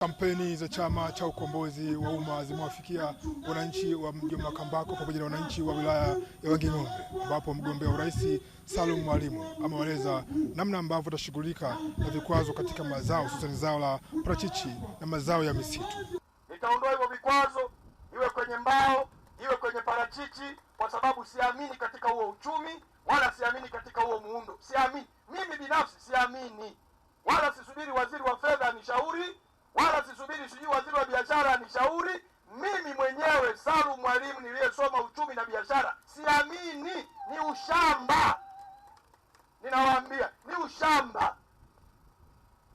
Kampeni za Chama cha Ukombozi wa Umma zimewafikia wananchi wa mji wa Makambako pamoja na wananchi wa wilaya ya Wanging'ombe, ambapo mgombea wa urais Salum Mwalimu amewaeleza namna ambavyo atashughulika na vikwazo katika mazao hususani zao la parachichi na mazao ya misitu. Nitaondoa hivyo vikwazo, iwe kwenye mbao, iwe kwenye parachichi, kwa sababu siamini katika huo uchumi wala siamini katika huo muundo. Siamini mimi binafsi, siamini wala sisubiri waziri wa fedha anishauri mbili sijui waziri wa biashara anishauri mimi mwenyewe Salum Mwalimu niliyesoma uchumi na biashara, siamini. Ni ushamba, ninawaambia ni ushamba,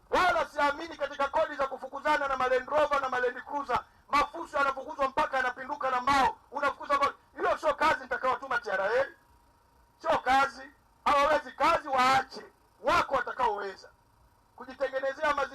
wala siamini katika kodi za kufukuzana na malendrova na malendi cruiser. Mafuso yanafukuzwa mpaka yanapinduka na mbao, unafukuza kodi. Hiyo sio kazi nitakayowatuma TRA, sio kazi. Hawawezi kazi, waache wako watakaoweza kujitengenezea mazingira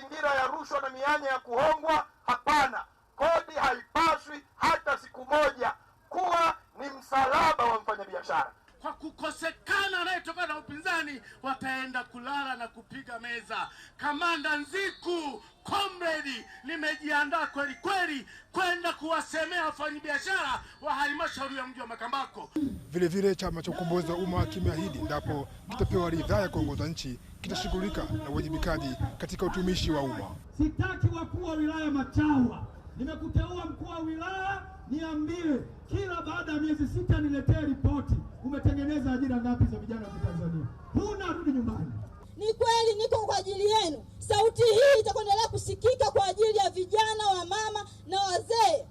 mianya ya kuhongwa? Hapana, kodi haipaswi hata siku moja kuwa ni msalaba wa mfanyabiashara. Kwa kukosekana anayetokana na upinzani, wataenda kulala na kupiga meza. Kamanda Nziku, komredi, nimejiandaa kweli kweli kwenda kuwasemea wafanyabiashara wa halmashauri ya mji wa Makambako. Vilevile Chama cha Ukombozi wa Umma kimeahidi, ndapo kitapewa ridhaa ya kuongoza nchi kitashughulika na uwajibikaji katika utumishi wa umma. Sitaki wakuu wa wilaya machawa. Nimekuteua mkuu wa wilaya, niambie kila baada ya miezi sita niletee ripoti, umetengeneza ajira ngapi za vijana wa Tanzania? Huna, rudi nyumbani. Ni kweli niko kwa ajili yenu. Sauti hii itakuendelea kusikika kwa ajili ya vijana, wa mama na wazee.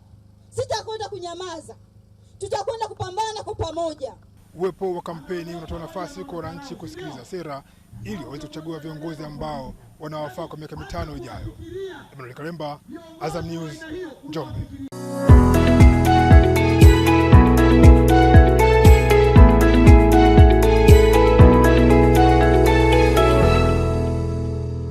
Sitakwenda kunyamaza, tutakwenda kupambana kwa pamoja. Uwepo wa kampeni unatoa nafasi kwa wananchi kusikiliza sera ili waweze kuchagua viongozi ambao wanawafaa kwa miaka mitano ijayo. Emmanuel Kalemba, Azam News, Njombe.